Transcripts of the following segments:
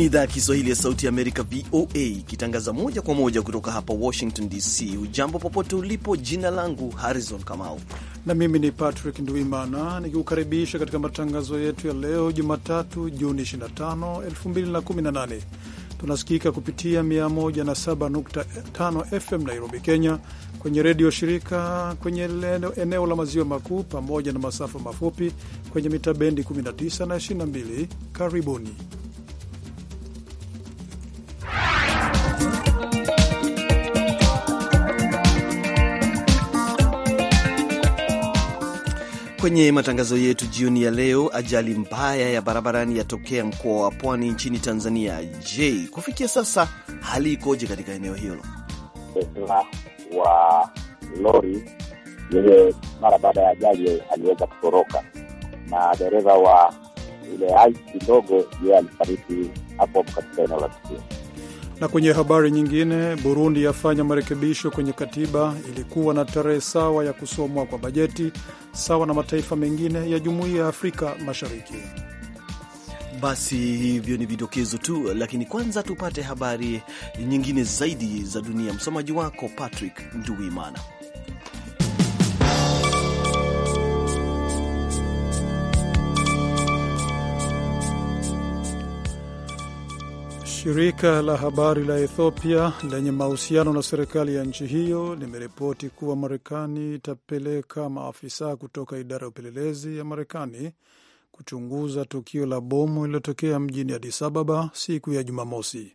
ni idhaa ya Kiswahili ya Sauti ya Amerika, VOA, ikitangaza moja kwa moja kutoka hapa Washington DC. Ujambo popote ulipo, jina langu Harrison Kamau na mimi ni Patrick Nduimana nikikukaribisha katika matangazo yetu ya leo Jumatatu, Juni 25, 2018. Tunasikika kupitia 107.5 FM Nairobi, Kenya, kwenye redio shirika kwenye eneo la maziwa makuu, pamoja na masafa mafupi kwenye mita bendi 19 na 22. Karibuni. Kwenye matangazo yetu jioni ya leo, ajali mbaya ya barabarani yatokea mkoa wa Pwani nchini Tanzania. Je, kufikia sasa hali ikoje katika eneo hilo? Dereva wa lori yeye mara baada ya ajali aliweza kutoroka, na dereva wa ile aisi ndogo yeye alifariki hapo hapo katika eneo la tukio. Na kwenye habari nyingine, Burundi yafanya marekebisho kwenye katiba ilikuwa na tarehe sawa ya kusomwa kwa bajeti sawa na mataifa mengine ya jumuiya ya Afrika Mashariki. Basi hivyo ni vidokezo tu, lakini kwanza tupate habari nyingine zaidi za dunia. Msomaji wako Patrick Nduwimana. Shirika la habari la Ethiopia lenye mahusiano na serikali ya nchi hiyo limeripoti kuwa Marekani itapeleka maafisa kutoka idara ya upelelezi ya Marekani kuchunguza tukio la bomu lililotokea mjini Addis Ababa siku ya Jumamosi.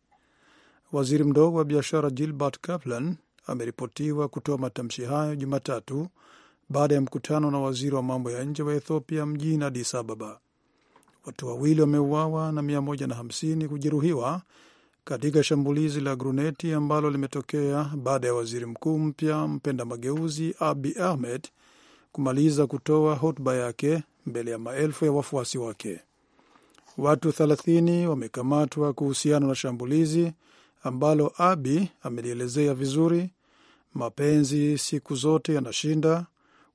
Waziri mdogo wa biashara Gilbert Kaplan ameripotiwa kutoa matamshi hayo Jumatatu baada ya mkutano na waziri wa mambo ya nje wa Ethiopia mjini Addis Ababa watu wawili wameuawa na 150 kujeruhiwa katika shambulizi la gruneti ambalo limetokea baada ya waziri mkuu mpya mpenda mageuzi Abi Ahmed kumaliza kutoa hotuba yake mbele ya maelfu ya wafuasi wake. Watu 30 wamekamatwa kuhusiana na shambulizi ambalo Abi amelielezea vizuri: mapenzi siku zote yanashinda,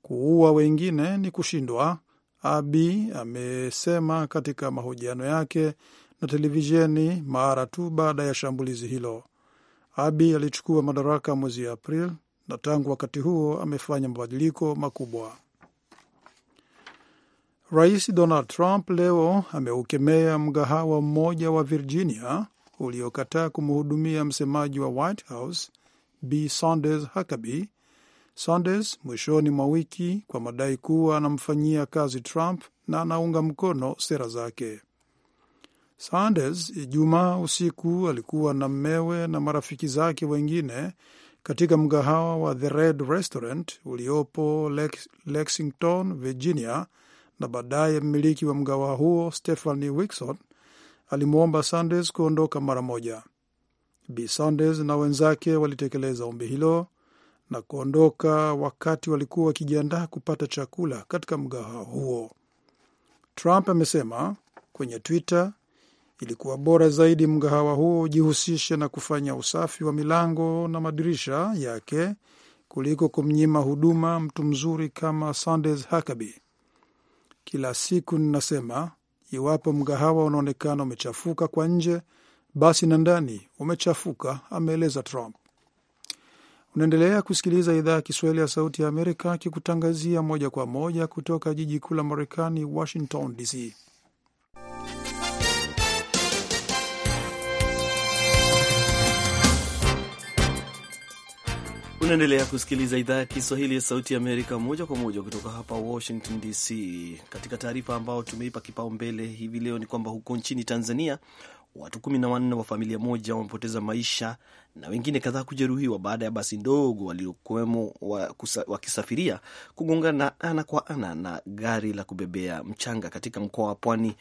kuua wengine ni kushindwa, Abi amesema katika mahojiano yake na televisheni mara tu baada ya shambulizi hilo. Abi alichukua madaraka mwezi Aprili na tangu wakati huo amefanya mabadiliko makubwa. Rais Donald Trump leo ameukemea mgahawa mmoja wa Virginia uliokataa kumhudumia msemaji wa White House B Sanders Huckabee Sanders mwishoni mwa wiki kwa madai kuwa anamfanyia kazi Trump na anaunga mkono sera zake. Sanders Ijumaa usiku alikuwa na mmewe na marafiki zake wengine katika mgahawa wa The Red Restaurant uliopo Lex Lexington, Virginia, na baadaye mmiliki wa mgahawa huo Stephanie Wilson alimwomba Sanders kuondoka mara moja. Bi Sanders na wenzake walitekeleza ombi hilo na kuondoka wakati walikuwa wakijiandaa kupata chakula katika mgahawa huo. Trump amesema kwenye Twitter, ilikuwa bora zaidi mgahawa huo ujihusishe na kufanya usafi wa milango na madirisha yake kuliko kumnyima huduma mtu mzuri kama Sanders Huckabee. Kila siku ninasema iwapo mgahawa unaonekana umechafuka kwa nje, basi na ndani umechafuka, ameeleza Trump. Unaendelea kusikiliza idhaa ya Kiswahili ya Sauti ya Amerika kikutangazia moja kwa moja kutoka jiji kuu la Marekani, Washington DC. Unaendelea kusikiliza idhaa ya Kiswahili ya Sauti ya Amerika moja kwa moja kutoka hapa Washington DC. Katika taarifa ambayo tumeipa kipaumbele hivi leo ni kwamba huko nchini Tanzania watu kumi na wanne wa familia moja wamepoteza maisha na wengine kadhaa kujeruhiwa baada ya basi ndogo waliokuwemo wakisafiria kugongana ana kwa ana na gari la kubebea mchanga katika mkoa wa Pwani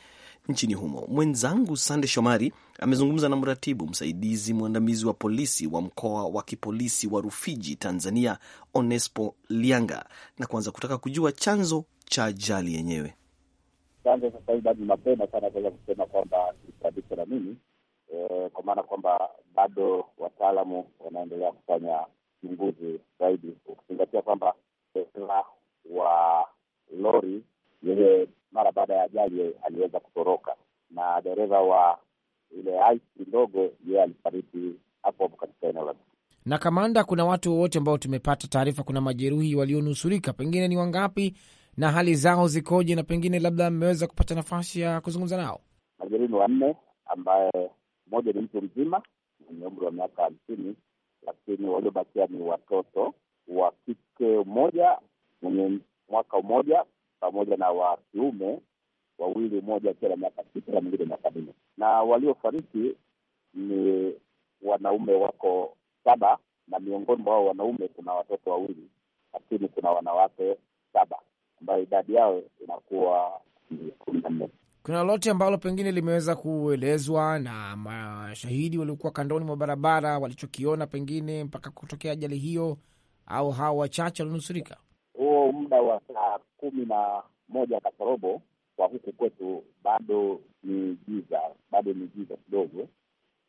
nchini humo. Mwenzangu Sande Shomari amezungumza na mratibu msaidizi mwandamizi wa polisi wa mkoa wa kipolisi wa Rufiji, Tanzania, Onespo Lianga, na kuanza kutaka kujua chanzo cha ajali yenyewe. Chanzo sasa hivi bado mapema sana kuweza kusema kwamba kabisa na mimi kwa maana kwamba bado wataalamu wanaendelea kufanya uchunguzi zaidi, ukizingatia kwamba dereva wa lori yeye mara baada ya ajali aliweza kutoroka, na dereva wa ile aisi ndogo yeye alifariki hapo hapo katika eneo la na kamanda, kuna watu wowote ambao tumepata taarifa, kuna majeruhi walionusurika, pengine ni wangapi na hali zao zikoje? Na pengine labda mmeweza kupata nafasi ya kuzungumza nao? Majeruhi ni wanne, ambaye mmoja ni mtu mzima mwenye umri wa miaka hamsini, lakini waliobakia ni watoto wa kike mmoja mwenye mwaka mmoja pamoja na wa kiume wawili, mmoja akiwa na miaka sita na mwingine miaka nne. Na waliofariki ni wanaume wako saba, na miongoni mwa hao wanaume kuna watoto wawili, lakini kuna wanawake saba ambayo idadi yao inakuwa ni kumi na nne kuna lolote ambalo pengine limeweza kuelezwa na mashahidi waliokuwa kandoni mwa barabara walichokiona pengine mpaka kutokea ajali hiyo, au hawa wachache walionusurika? Huo muda wa saa kumi na moja kasorobo kwa huku kwetu bado ni giza, bado ni giza kidogo.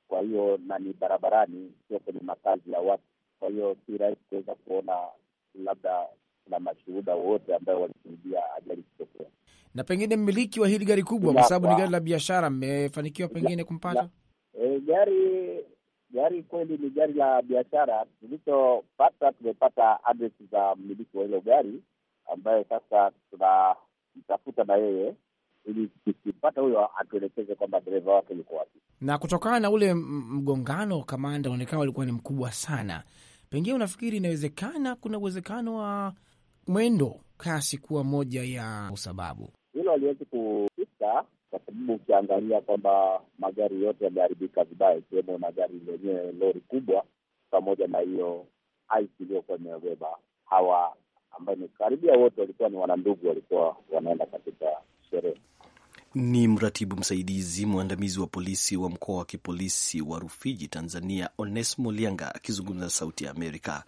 Kwa hiyo na ni barabarani, sio kwenye makazi ya watu, kwa hiyo si rahisi kuweza kuona labda na mashuhuda wote ambayo walishuhudia ajali kutokea na pengine mmiliki wa hili gari kubwa, kwa sababu ni gari la biashara, mmefanikiwa pengine kumpata e, gari gari kweli ni gari la biashara. Tulichopata, tumepata adresi za mmiliki wa hilo gari ambaye sasa tunamtafuta na yeye ili tukipata huyo atuelekeze kwamba dereva wake ulikuwa wapi. Na kutokana na ule mgongano, kamanda, unaonekana ulikuwa ni mkubwa sana, pengine unafikiri inawezekana, kuna uwezekano wa mwendo kasi kuwa moja ya sababu? hilo haliwezi kufika kwa sababu ukiangalia kwamba magari yote yameharibika vibaya, ikiwemo na gari lenyewe lori kubwa, pamoja na hiyo aisi iliyokuwa imebeba hawa, ambayo ni karibia wote walikuwa ni wanandugu, walikuwa wanaenda katika sherehe. Ni mratibu msaidizi mwandamizi wa polisi wa mkoa wa kipolisi wa Rufiji, Tanzania, Onesmo Lianga akizungumza Sauti ya Amerika.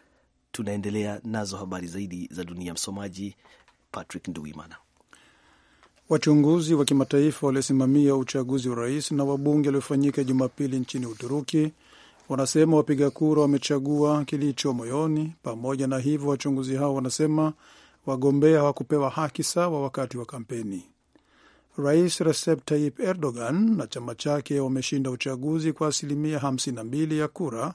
Tunaendelea nazo habari zaidi za dunia. Msomaji Patrick nduimana Wachunguzi wa kimataifa waliosimamia uchaguzi wa rais na wabunge waliofanyika Jumapili nchini Uturuki wanasema wapiga kura wamechagua kilicho moyoni. Pamoja na hivyo, wachunguzi hao wanasema wagombea hawakupewa haki sawa wakati wa kampeni. Rais Recep Tayyip Erdogan na chama chake wameshinda uchaguzi kwa asilimia 52 ya kura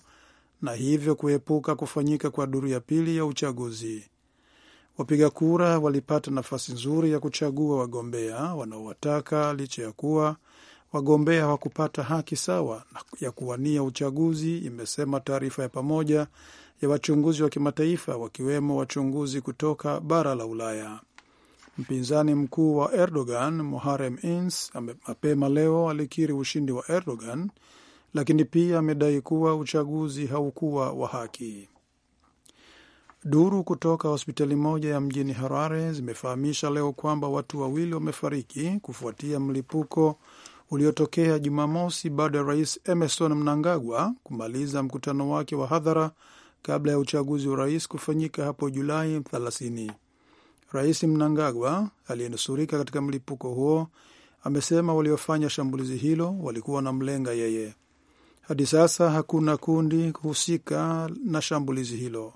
na hivyo kuepuka kufanyika kwa duru ya pili ya uchaguzi. Wapiga kura walipata nafasi nzuri ya kuchagua wagombea wanaowataka licha ya kuwa wagombea hawakupata haki sawa ya kuwania uchaguzi, imesema taarifa ya pamoja ya wachunguzi wa kimataifa wakiwemo wachunguzi kutoka bara la Ulaya. Mpinzani mkuu wa Erdogan Muharem Ince mapema leo alikiri ushindi wa Erdogan, lakini pia amedai kuwa uchaguzi haukuwa wa haki. Duru kutoka hospitali moja ya mjini Harare zimefahamisha leo kwamba watu wawili wamefariki kufuatia mlipuko uliotokea Jumamosi baada ya rais Emerson Mnangagwa kumaliza mkutano wake wa hadhara kabla ya uchaguzi wa rais kufanyika hapo Julai 30. Rais Mnangagwa aliyenusurika katika mlipuko huo amesema waliofanya shambulizi hilo walikuwa wanamlenga yeye. Hadi sasa hakuna kundi kuhusika na shambulizi hilo.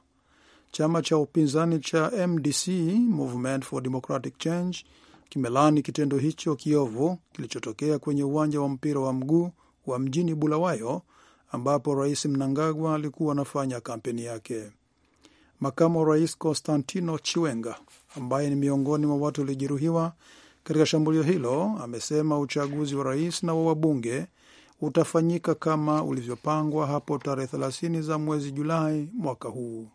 Chama cha upinzani cha MDC, Movement for Democratic Change, kimelani kitendo hicho kiovu kilichotokea kwenye uwanja wa mpira wa mguu wa mjini Bulawayo ambapo Rais Mnangagwa alikuwa anafanya kampeni yake. Makamu wa rais constantino Chiwenga, ambaye ni miongoni mwa watu waliojeruhiwa katika shambulio hilo, amesema uchaguzi wa rais na wa wabunge utafanyika kama ulivyopangwa hapo tarehe 30 za mwezi Julai mwaka huu.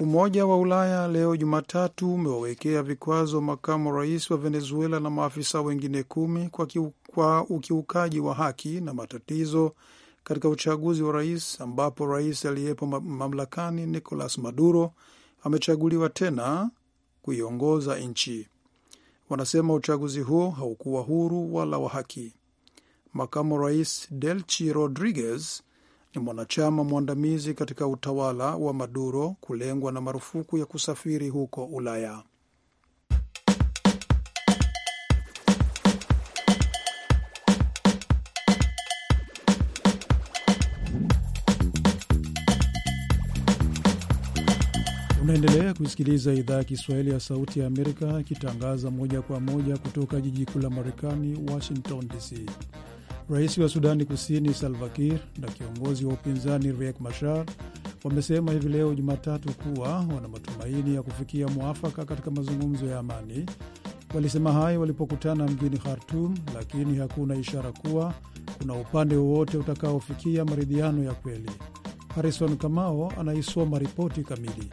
Umoja wa Ulaya leo Jumatatu umewawekea vikwazo makamu rais wa Venezuela na maafisa wengine kumi kwa, kiu, kwa ukiukaji wa haki na matatizo katika uchaguzi wa rais ambapo rais aliyepo mamlakani Nicolas Maduro amechaguliwa tena kuiongoza nchi. Wanasema uchaguzi huo haukuwa huru wala wa haki. Makamu rais Delcy Rodriguez ni mwanachama mwandamizi katika utawala wa Maduro kulengwa na marufuku ya kusafiri huko Ulaya. Unaendelea kusikiliza idhaa ya Kiswahili ya Sauti ya Amerika ikitangaza moja kwa moja kutoka jiji kuu la Marekani, Washington DC. Rais wa Sudani Kusini Salva Kiir na kiongozi wa upinzani Riek Machar wamesema hivi leo Jumatatu kuwa wana matumaini ya kufikia mwafaka katika mazungumzo ya amani. Walisema hayo walipokutana mjini Khartum, lakini hakuna ishara kuwa kuna upande wowote utakaofikia maridhiano ya kweli. Harison Kamao anaisoma ripoti kamili.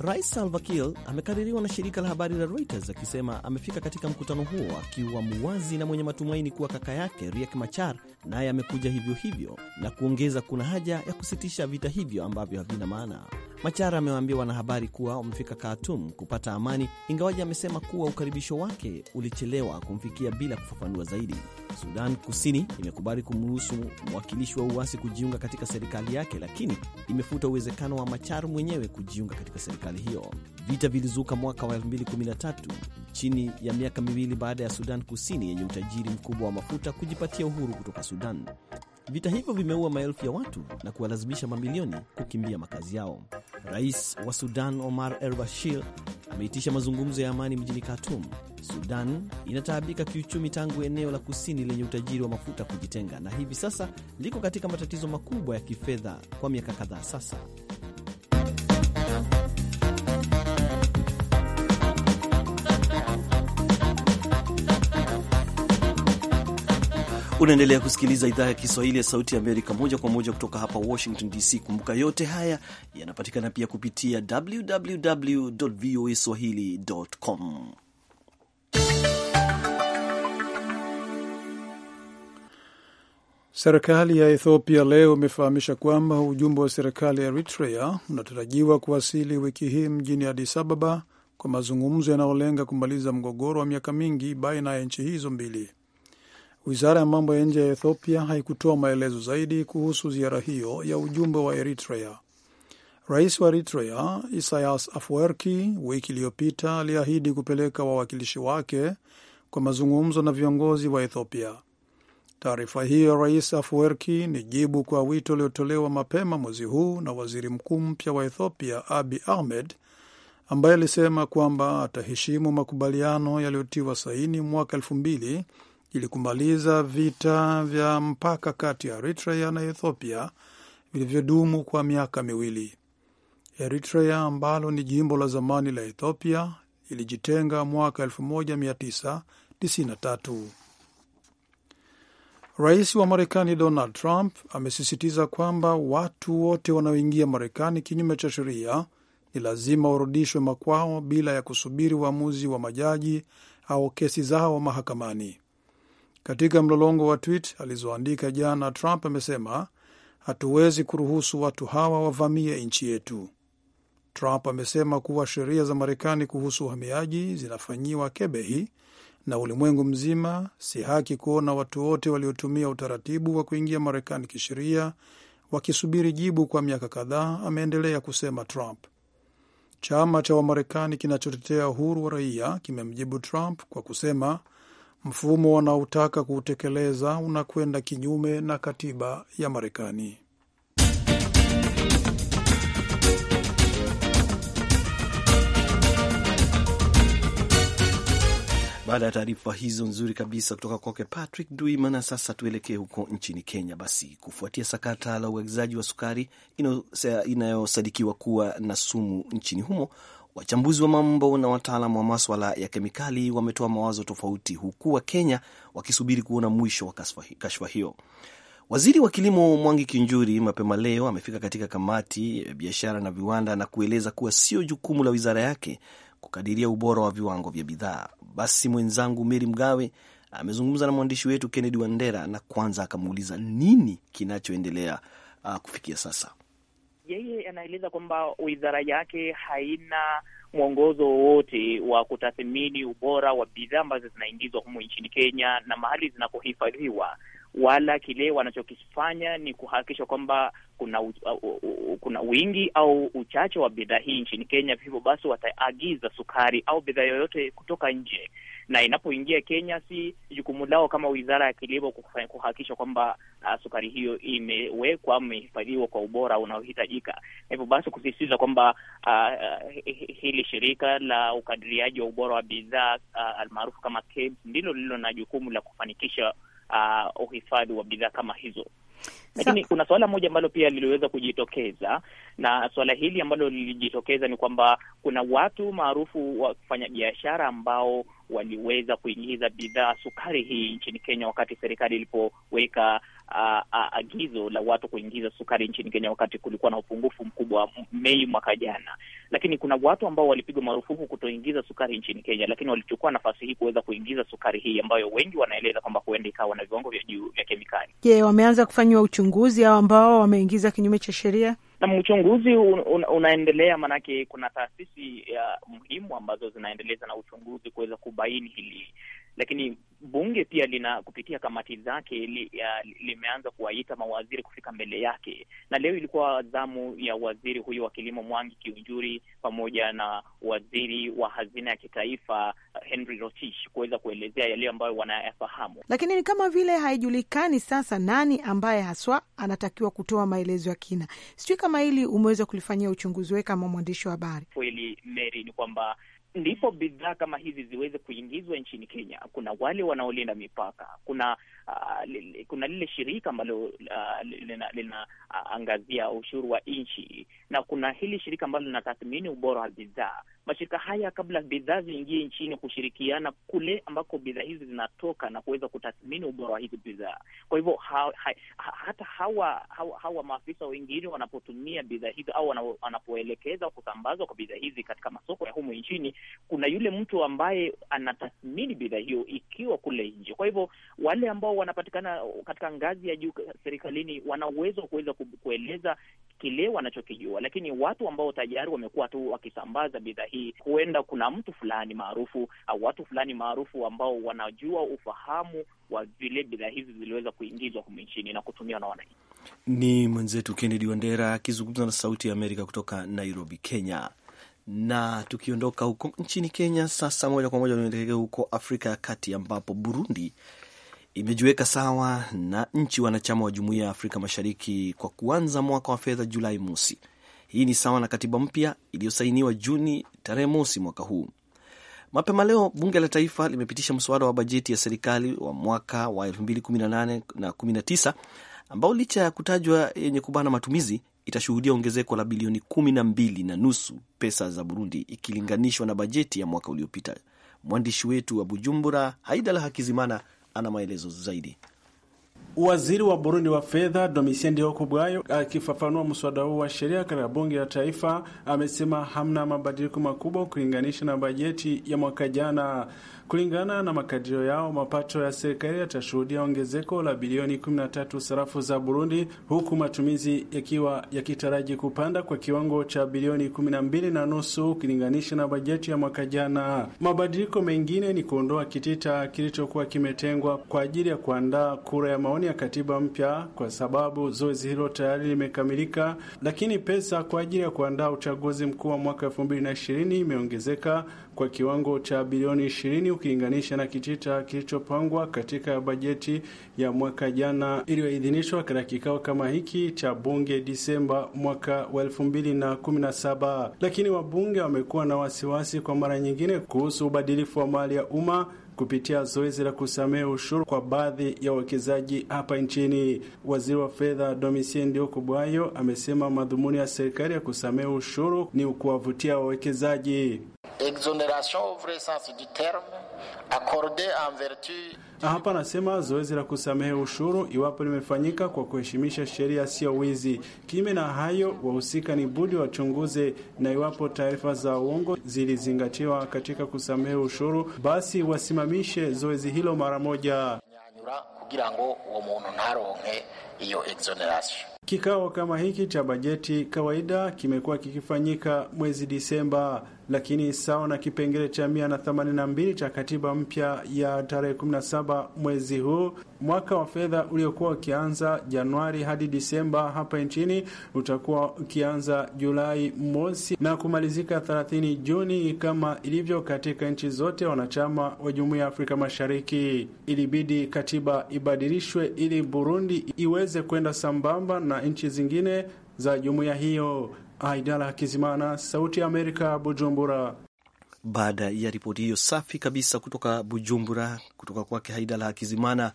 Rais Salva Kiir amekaririwa na shirika la habari la Reuters akisema amefika katika mkutano huo akiwa muwazi na mwenye matumaini kuwa kaka yake Riek Machar naye amekuja hivyo hivyo, na kuongeza kuna haja ya kusitisha vita hivyo ambavyo havina maana. Machara amewaambia wanahabari kuwa wamefika Khartoum kupata amani, ingawaji amesema kuwa ukaribisho wake ulichelewa kumfikia bila kufafanua zaidi. Sudan Kusini imekubali kumruhusu mwakilishi wa uasi kujiunga katika serikali yake, lakini imefuta uwezekano wa Machar mwenyewe kujiunga katika serikali hiyo. Vita vilizuka mwaka wa 2013 chini ya miaka miwili baada ya Sudan Kusini yenye utajiri mkubwa wa mafuta kujipatia uhuru kutoka Sudan. Vita hivyo vimeua maelfu ya watu na kuwalazimisha mamilioni kukimbia makazi yao. Rais wa Sudan Omar El Bashir ameitisha mazungumzo ya amani mjini Khartoum. Sudan inataabika kiuchumi tangu eneo la kusini lenye utajiri wa mafuta kujitenga, na hivi sasa liko katika matatizo makubwa ya kifedha kwa miaka kadhaa sasa. Unaendelea kusikiliza idhaa ya Kiswahili ya Sauti ya Amerika moja kwa moja kutoka hapa Washington DC. Kumbuka yote haya yanapatikana pia kupitia www voa swahili com. Serikali ya Ethiopia leo imefahamisha kwamba ujumbe wa serikali ya Eritrea unatarajiwa kuwasili wiki hii mjini Addis Ababa kwa mazungumzo yanayolenga kumaliza mgogoro wa miaka mingi baina ya nchi hizo mbili. Wizara ya mambo ya nje ya Ethiopia haikutoa maelezo zaidi kuhusu ziara hiyo ya ujumbe wa Eritrea. Rais wa Eritrea Isaias Afwerki wiki iliyopita aliahidi kupeleka wawakilishi wake kwa mazungumzo na viongozi wa Ethiopia. Taarifa hiyo ya Rais Afwerki ni jibu kwa wito uliotolewa mapema mwezi huu na waziri mkuu mpya wa Ethiopia Abi Ahmed ambaye alisema kwamba ataheshimu makubaliano yaliyotiwa saini mwaka elfu mbili ili kumaliza vita vya mpaka kati ya Eritrea na Ethiopia vilivyodumu kwa miaka miwili. Eritrea ambalo ni jimbo la zamani la Ethiopia ilijitenga mwaka 1993. Rais wa Marekani Donald Trump amesisitiza kwamba watu wote wanaoingia Marekani kinyume cha sheria ni lazima warudishwe makwao bila ya kusubiri uamuzi wa, wa majaji au kesi zao mahakamani. Katika mlolongo wa tweet alizoandika jana, Trump amesema hatuwezi kuruhusu watu hawa wavamie nchi yetu. Trump amesema kuwa sheria za Marekani kuhusu uhamiaji zinafanyiwa kebehi na ulimwengu mzima. Si haki kuona watu wote waliotumia utaratibu wa kuingia Marekani kisheria wakisubiri jibu kwa miaka kadhaa, ameendelea kusema Trump. Chama cha Wamarekani kinachotetea uhuru wa raia kimemjibu Trump kwa kusema mfumo wanaotaka kuutekeleza unakwenda kinyume na katiba ya Marekani. Baada ya taarifa hizo nzuri kabisa kutoka kwake Patrick Duimana, sasa tuelekee huko nchini Kenya. Basi, kufuatia sakata la uagizaji wa sukari inayosadikiwa kuwa na sumu nchini humo, Wachambuzi wa mambo na wataalam wa maswala ya kemikali wametoa mawazo tofauti, huku Wakenya wakisubiri kuona mwisho wa kashfa hiyo. Waziri wa Kilimo Mwangi Kinjuri mapema leo amefika katika kamati ya biashara na viwanda na kueleza kuwa sio jukumu la wizara yake kukadiria ubora wa viwango vya bidhaa. Basi mwenzangu Meri Mgawe amezungumza na mwandishi wetu Kennedy Wandera na kwanza akamuuliza nini kinachoendelea uh, kufikia sasa yeye anaeleza kwamba wizara yake haina mwongozo wowote wa kutathmini ubora wa bidhaa ambazo zinaingizwa humu nchini Kenya na mahali zinakohifadhiwa wala kile wanachokifanya ni kuhakikisha kwamba kuna u, u, u, kuna wingi au uchache wa bidhaa hii nchini Kenya. Hivyo basi wataagiza sukari au bidhaa yoyote kutoka nje, na inapoingia Kenya, si jukumu lao kama wizara ya kilimo kuhakikisha kwamba uh, sukari hiyo imewekwa ama imehifadhiwa kwa ubora unaohitajika. Hivyo basi kusisitiza kwamba uh, uh hili shirika la ukadiriaji wa ubora wa bidhaa uh, almaarufu kama KEBS ndilo lililo na jukumu la kufanikisha uh, uhifadhi wa bidhaa kama hizo. Lakini kuna suala moja ambalo pia liliweza kujitokeza, na suala hili ambalo lilijitokeza ni kwamba kuna watu maarufu wafanya biashara ambao waliweza kuingiza bidhaa sukari hii nchini Kenya wakati serikali ilipoweka a, a, agizo la watu kuingiza sukari nchini Kenya wakati kulikuwa na upungufu mkubwa Mei mwaka jana, lakini kuna watu ambao walipigwa marufuku kutoingiza sukari nchini Kenya, lakini walichukua nafasi hii kuweza kuingiza sukari hii ambayo wengi wanaeleza kwamba huenda ikawa na viwango vya juu vya kemikali. Je, wameanza kufanyiwa uchunguzi hao ambao wameingiza kinyume cha sheria? Na uchunguzi un, un, unaendelea, maanake kuna taasisi ya muhimu ambazo zinaendeleza na uchunguzi kuweza kubaini hili lakini bunge pia lina kupitia kamati zake li, ya, limeanza kuwaita mawaziri kufika mbele yake, na leo ilikuwa zamu ya waziri huyo wa kilimo Mwangi Kiunjuri pamoja na waziri wa hazina ya kitaifa uh, Henry Rotich kuweza kuelezea yale ambayo wanayafahamu, lakini ni kama vile haijulikani sasa nani ambaye haswa anatakiwa kutoa maelezo ya kina. Sijui kama hili umeweza kulifanyia uchunguzi we kama mwandishi wa habari. Kweli Mary, ni kwamba ndipo bidhaa kama hizi ziweze kuingizwa nchini Kenya. Kuna wale wanaolinda mipaka, kuna uh, li, kuna lile shirika ambalo uh, linaangazia lina, uh, ushuru wa nchi na kuna hili shirika ambalo linatathmini ubora wa bidhaa. Mashirika haya kabla bidhaa ziingie nchini kushirikiana kule ambako bidhaa hizi zinatoka na kuweza kutathmini ubora wa hizi bidhaa. Kwa hivyo ha, ha, hata hawa, hawa, hawa maafisa wengine wanapotumia bidhaa hizi au wanapoelekeza kusambazwa kwa bidhaa hizi katika masoko ya humu nchini, kuna yule mtu ambaye anatathmini bidhaa hiyo ikiwa kule nje. Kwa hivyo wale ambao wanapatikana katika ngazi ya juu serikalini wana uwezo wa kuweza kueleza kile wanachokijua, lakini watu ambao tayari wamekuwa tu wakisambaza bidhaa hii, huenda kuna mtu fulani maarufu au watu fulani maarufu ambao wanajua ufahamu wa vile bidhaa hizi ziliweza kuingizwa humu nchini na kutumiwa na wananchi. Ni mwenzetu Kennedy Wandera akizungumza na Sauti ya Amerika kutoka Nairobi, Kenya. Na tukiondoka huko nchini Kenya sasa, moja kwa moja tunaelekea huko Afrika ya Kati, ambapo Burundi imejiweka sawa na nchi wanachama wa Jumuiya ya Afrika Mashariki kwa kuanza mwaka wa fedha Julai mosi. Hii ni sawa na katiba mpya iliyosainiwa Juni tarehe mosi mwaka huu. Mapema leo bunge la taifa limepitisha mswada wa bajeti ya serikali wa mwaka wa 2018 na 19 ambao licha ya kutajwa yenye kubana matumizi itashuhudia ongezeko la bilioni kumi na mbili na nusu pesa za Burundi ikilinganishwa na bajeti ya mwaka uliopita. Mwandishi wetu wa Bujumbura, Haidala Hakizimana, ana maelezo zaidi. Waziri wa Burundi wa fedha Domitien Ndihokubwayo akifafanua mswada huu wa sheria katika bunge la taifa amesema hamna mabadiliko makubwa kulinganisha na bajeti ya mwaka jana. Kulingana na makadirio yao, mapato ya serikali yatashuhudia ongezeko la bilioni 13 sarafu za Burundi, huku matumizi yakiwa yakitaraji kupanda kwa kiwango cha bilioni 12 na nusu ukilinganisha na bajeti ya mwaka jana. Mabadiliko mengine ni kuondoa kitita kilichokuwa kimetengwa kwa ajili ya kuandaa kura ya maoni ya katiba mpya, kwa sababu zoezi hilo tayari limekamilika, lakini pesa kwa ajili ya kuandaa uchaguzi mkuu wa mwaka 2020 imeongezeka kwa kiwango cha bilioni 20 ukilinganisha na kitita kilichopangwa katika bajeti ya mwaka jana iliyoidhinishwa katika kikao kama hiki cha bunge Disemba mwaka wa 2017. Lakini wabunge wamekuwa na wasiwasi kwa mara nyingine kuhusu ubadilifu wa mali ya umma kupitia zoezi la kusamehe ushuru kwa baadhi ya wawekezaji hapa nchini. Waziri wa fedha Domitien bwayo amesema madhumuni ya serikali ya kusamehe ushuru ni kuwavutia wawekezaji exoneration au vrai sens du terme accordée en vertu hapa anasema zoezi la kusamehe ushuru iwapo limefanyika kwa kuheshimisha sheria sio wizi. kime na hayo, wahusika ni budi wachunguze, na iwapo taarifa za uongo zilizingatiwa katika kusamehe ushuru, basi wasimamishe zoezi hilo mara moja. Kikao kama hiki cha bajeti kawaida kimekuwa kikifanyika mwezi Disemba lakini sawa na kipengele cha 182 cha katiba mpya ya tarehe 17 mwezi huu, mwaka wa fedha uliokuwa ukianza Januari hadi Disemba hapa nchini utakuwa ukianza Julai mosi na kumalizika 30 Juni kama ilivyo katika nchi zote wanachama wa Jumuiya ya Afrika Mashariki. Ilibidi katiba ibadilishwe ili Burundi iweze kwenda sambamba na nchi zingine za jumuiya hiyo. Aidala Kizimana, Sauti ya Amerika, Bujumbura. Baada ya ripoti hiyo safi kabisa kutoka Bujumbura, kutoka kwake Haidala Hakizimana.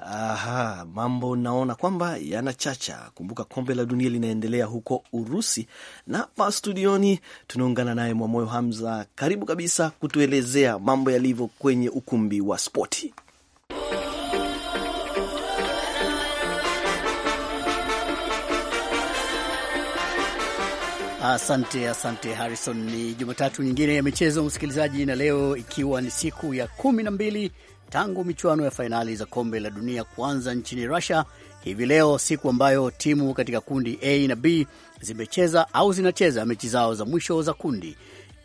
Aha, mambo naona kwamba yanachacha. Kumbuka kombe la dunia linaendelea huko Urusi, na hapa studioni tunaungana naye Mwamoyo Hamza, karibu kabisa kutuelezea mambo yalivyo kwenye ukumbi wa spoti. Asante, asante Harrison. Ni Jumatatu nyingine ya michezo, msikilizaji, na leo ikiwa ni siku ya kumi na mbili tangu michuano ya fainali za kombe la dunia kuanza nchini Russia hivi leo, siku ambayo timu katika kundi A na B zimecheza au zinacheza mechi zao za mwisho za kundi.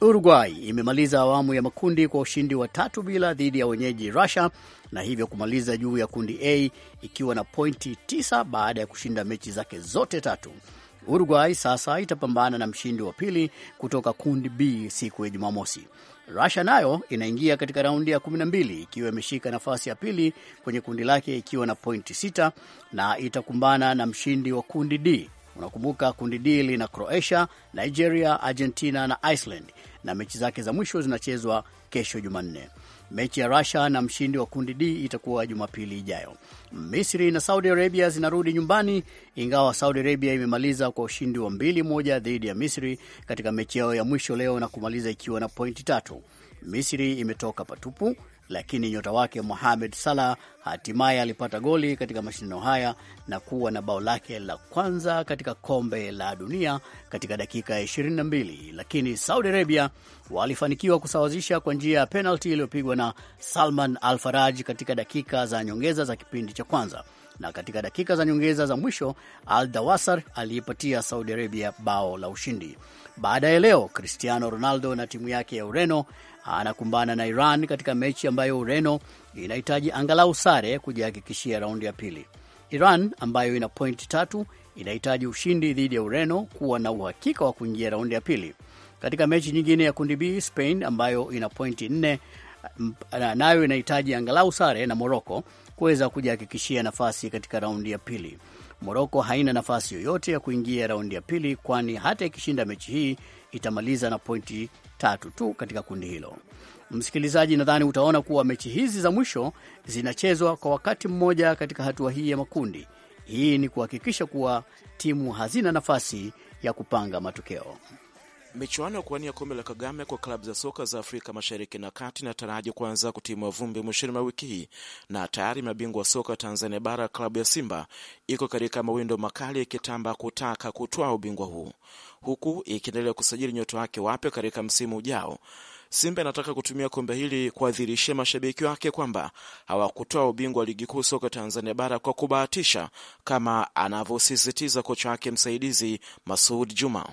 Uruguay imemaliza awamu ya makundi kwa ushindi wa tatu bila dhidi ya wenyeji Russia na hivyo kumaliza juu ya kundi A ikiwa na pointi tisa baada ya kushinda mechi zake zote tatu. Uruguay sasa itapambana na mshindi wa pili kutoka kundi B siku ya Jumamosi. Rusia nayo inaingia katika raundi ya 12 ikiwa imeshika nafasi ya pili kwenye kundi lake ikiwa na pointi 6 na itakumbana na mshindi wa kundi D. Unakumbuka kundi D lina Croatia, Nigeria, Argentina na Iceland, na mechi zake za mwisho zinachezwa kesho Jumanne. Mechi ya rusia na mshindi wa kundi D itakuwa Jumapili ijayo. Misri na Saudi Arabia zinarudi nyumbani, ingawa Saudi Arabia imemaliza kwa ushindi wa mbili moja dhidi ya Misri katika mechi yao ya mwisho leo na kumaliza ikiwa na pointi tatu. Misri imetoka patupu lakini nyota wake Mohamed Salah hatimaye alipata goli katika mashindano haya na kuwa na bao lake la kwanza katika kombe la dunia katika dakika 22, lakini Saudi Arabia walifanikiwa kusawazisha kwa njia ya penalti iliyopigwa na Salman Al Faraj katika dakika za nyongeza za kipindi cha kwanza na katika dakika za nyongeza za mwisho Al Dawasar aliipatia Saudi Arabia bao la ushindi. Baadaye leo Cristiano Ronaldo na timu yake ya Ureno anakumbana na Iran katika mechi ambayo Ureno inahitaji angalau sare kujihakikishia raundi ya pili. Iran ambayo ina pointi tatu inahitaji ushindi dhidi ya Ureno kuwa na uhakika wa kuingia raundi ya pili. Katika mechi nyingine ya kundi B, Spain ambayo ina pointi nne nayo inahitaji angalau sare na Moroko kuweza kujihakikishia nafasi katika raundi ya pili. Moroko haina nafasi yoyote ya kuingia raundi ya pili, kwani hata ikishinda mechi hii itamaliza na pointi tatu tu katika kundi hilo. Msikilizaji, nadhani utaona kuwa mechi hizi za mwisho zinachezwa kwa wakati mmoja katika hatua hii ya makundi. Hii ni kuhakikisha kuwa timu hazina nafasi ya kupanga matokeo. Michuano ya kuwania kombe la Kagame kwa klabu za soka za Afrika mashariki na kati inataraji kuanza kutimua vumbi mwishoni mwa wiki hii, na tayari mabingwa wa soka Tanzania bara ya klabu ya Simba iko katika mawindo makali ikitamba kutaka kutwaa ubingwa huu, huku ikiendelea kusajili nyota wake wapya katika msimu ujao. Simba inataka kutumia kombe hili kuadhirishia mashabiki wake kwamba hawakutoa ubingwa wa ligi kuu soka Tanzania bara kwa kubahatisha, kama anavyosisitiza kocha wake msaidizi Masud Juma.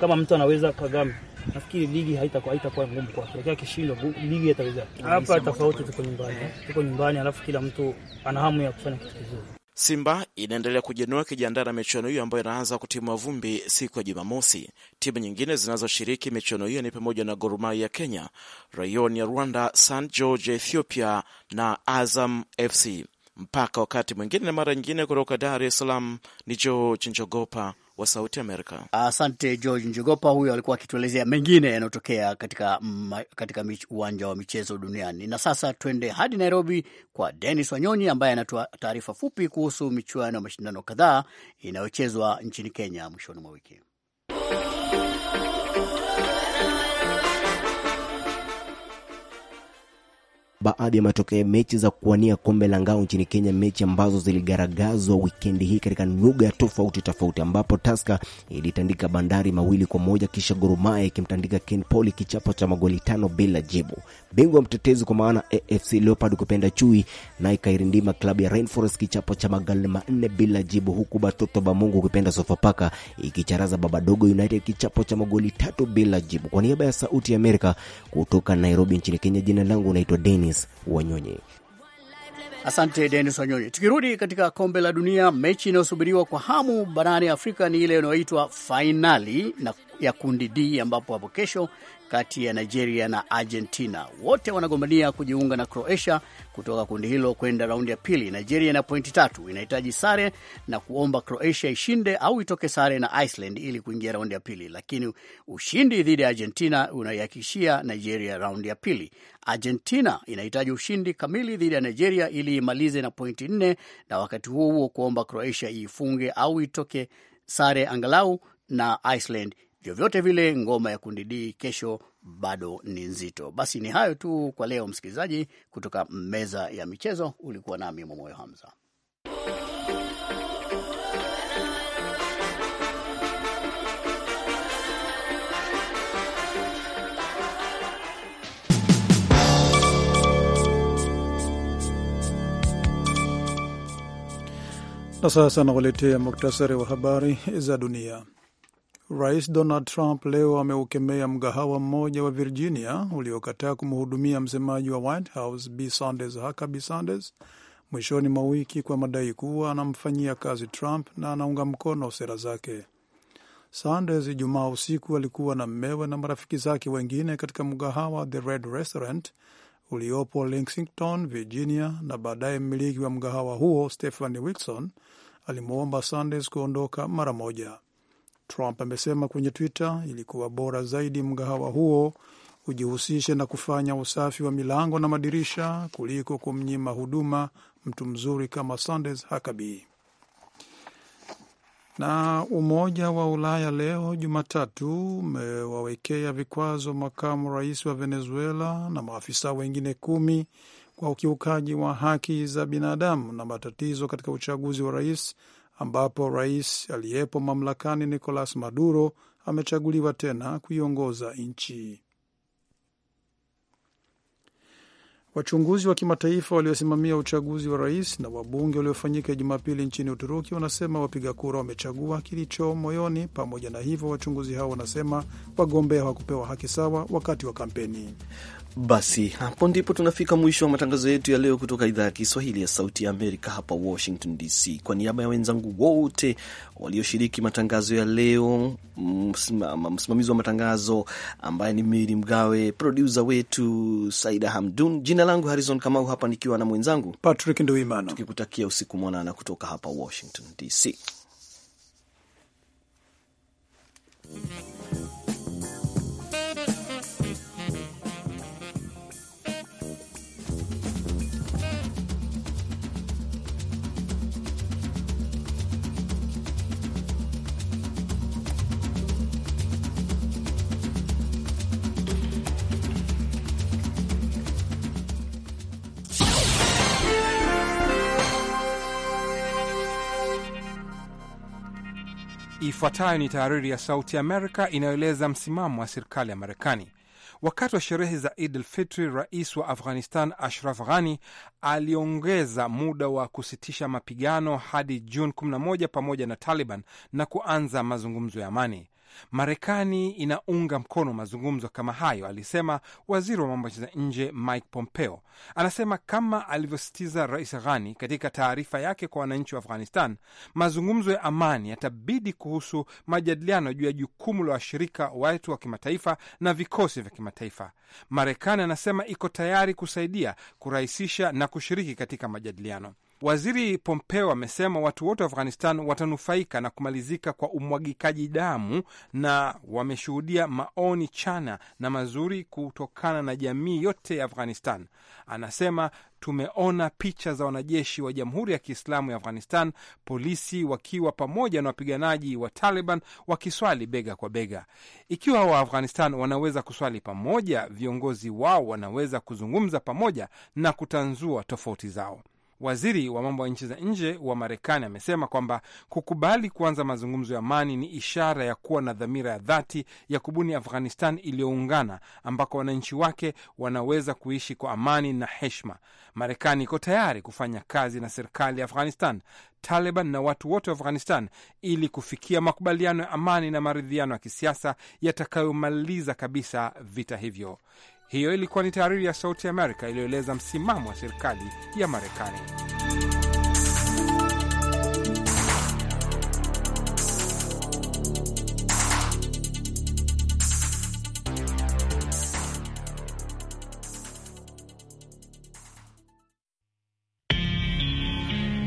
Kama mtu anaweza Kagame, nafikiri ligi haitakuwa haitakuwa ngumu kwake, lakini akishindwa ligi ataweza. Hapa tofauti, tuko nyumbani, eh. tuko nyumbani, alafu kila mtu ana hamu ya kufanya kitu kizuri. Simba inaendelea kujenua kijiandaa na michuano hiyo ambayo inaanza kutimwa vumbi siku ya Jumamosi. Timu nyingine zinazoshiriki michuano hiyo ni pamoja na Gor Mahia ya Kenya, Rayon ya Rwanda, St George Ethiopia na Azam FC. Mpaka wakati mwingine na mara nyingine, kutoka Dar es Salaam ni George Chinjogopa wa Sauti Amerika. Asante George Njogopa, huyo alikuwa akituelezea mengine yanayotokea katika katika uwanja wa michezo duniani. Na sasa twende hadi Nairobi kwa denis Wanyonyi ambaye anatoa taarifa fupi kuhusu michuano ya mashindano kadhaa inayochezwa nchini Kenya mwishoni mwa wiki. baadhi ya matokeo ya mechi za kuwania kombe la ngao nchini Kenya, mechi ambazo ziligaragazwa wikendi hii katika lugha tofauti tofauti, ambapo Taska ilitandika Bandari mawili kwa moja kisha Gor Mahia ikimtandika Kenpoli kichapo cha magoli tano bila jibu. Bingwa mtetezi kwa maana AFC Leopard kupenda chui na ikairindima klabu ya Rainforest kichapo cha magoli manne bila jibu, huku Batoto ba Mungu kupenda Sofapaka ikicharaza Babadogo United kichapo cha magoli tatu bila jibu. Kwa niaba ya Sauti ya Amerika kutoka Nairobi nchini Kenya, jina langu naitwa Deni Denis Wanyonyi. Asante Denis Wanyonyi. Tukirudi katika kombe la dunia, mechi inayosubiriwa kwa hamu barani Afrika ni ile inayoitwa fainali ya kundi D ambapo hapo kesho kati ya Nigeria na Argentina. Wote wanagombania kujiunga na Croatia kutoka kundi hilo kwenda raundi ya pili. Nigeria ina pointi tatu, inahitaji sare na kuomba Croatia ishinde au itoke sare na Iceland ili kuingia raundi ya pili, lakini ushindi dhidi ya Argentina unaihakikishia Nigeria raundi ya pili. Argentina inahitaji ushindi kamili dhidi ya Nigeria ili imalize na pointi nne, na wakati huo huo kuomba Croatia iifunge au itoke sare angalau na Iceland Vyovyote vile ngoma ya kundi D kesho bado ni nzito. Basi ni hayo tu kwa leo, msikilizaji. Kutoka meza ya michezo ulikuwa nami Mwamoyo Hamza. Na sasa nakuletea muktasari wa habari za dunia. Rais Donald Trump leo ameukemea mgahawa mmoja wa Virginia uliokataa kumhudumia msemaji wa White House B Sanders Huckabee Sanders mwishoni mwa wiki kwa madai kuwa anamfanyia kazi Trump na anaunga mkono sera zake. Sanders Ijumaa usiku alikuwa na mmewe na marafiki zake wengine katika mgahawa The Red Restaurant uliopo Lexington, Virginia, na baadaye mmiliki wa mgahawa huo Stephanie Wilson alimwomba Sanders kuondoka mara moja. Trump amesema kwenye Twitter ilikuwa bora zaidi mgahawa huo ujihusishe na kufanya usafi wa milango na madirisha kuliko kumnyima huduma mtu mzuri kama Sanders Huckabee. Na Umoja wa Ulaya leo Jumatatu umewawekea vikwazo makamu rais wa Venezuela na maafisa wengine kumi kwa ukiukaji wa haki za binadamu na matatizo katika uchaguzi wa rais ambapo rais aliyepo mamlakani Nicolas Maduro amechaguliwa tena kuiongoza nchi. Wachunguzi wa kimataifa waliosimamia uchaguzi wa rais na wabunge waliofanyika Jumapili nchini Uturuki wanasema wapiga kura wamechagua kilicho moyoni. Pamoja na hivyo, wachunguzi hao wanasema wagombea hawakupewa haki sawa wakati wa kampeni. Basi hapo ndipo tunafika mwisho wa matangazo yetu ya leo kutoka idhaa ya Kiswahili ya Sauti ya Amerika hapa Washington DC. Kwa niaba ya wenzangu wote walioshiriki matangazo ya leo, msimamizi wa matangazo ambaye ni Miri Mgawe, produsa wetu Saida Hamdun, jina langu Harrison Kamau, hapa nikiwa na mwenzangu Patrick Nduimana, tukikutakia usiku mwanana kutoka hapa Washington DC. Ifuatayo ni tahariri ya Sauti Amerika inayoeleza msimamo wa serikali ya Marekani. Wakati wa sherehe za Id el Fitri, rais wa Afghanistan Ashraf Ghani aliongeza muda wa kusitisha mapigano hadi Juni 11 pamoja na Taliban na kuanza mazungumzo ya amani. Marekani inaunga mkono mazungumzo kama hayo, alisema waziri wa mambo ya nje Mike Pompeo. Anasema kama alivyosisitiza Rais Ghani katika taarifa yake kwa wananchi wa Afghanistan, mazungumzo ya amani yatabidi kuhusu majadiliano juu ya jukumu la washirika wetu wa kimataifa na vikosi vya kimataifa. Marekani anasema iko tayari kusaidia kurahisisha na kushiriki katika majadiliano. Waziri Pompeo amesema watu wote wa Afghanistan watanufaika na kumalizika kwa umwagikaji damu, na wameshuhudia maoni chana na mazuri kutokana na jamii yote ya Afghanistan. Anasema tumeona picha za wanajeshi wa Jamhuri ya Kiislamu ya Afghanistan, polisi wakiwa pamoja na wapiganaji wa Taliban wakiswali bega kwa bega. Ikiwa Waafghanistan wanaweza kuswali pamoja, viongozi wao wanaweza kuzungumza pamoja na kutanzua tofauti zao. Waziri wa mambo ya nchi za nje wa Marekani amesema kwamba kukubali kuanza mazungumzo ya amani ni ishara ya kuwa na dhamira ya dhati ya kubuni Afghanistan iliyoungana ambako wananchi wake wanaweza kuishi kwa amani na heshima. Marekani iko tayari kufanya kazi na serikali ya Afghanistan, Taliban na watu wote wa Afghanistan ili kufikia makubaliano ya amani na maridhiano ya kisiasa yatakayomaliza kabisa vita hivyo. Hiyo ilikuwa ni tahariri ya Sauti ya Amerika iliyoeleza msimamo wa serikali ya Marekani.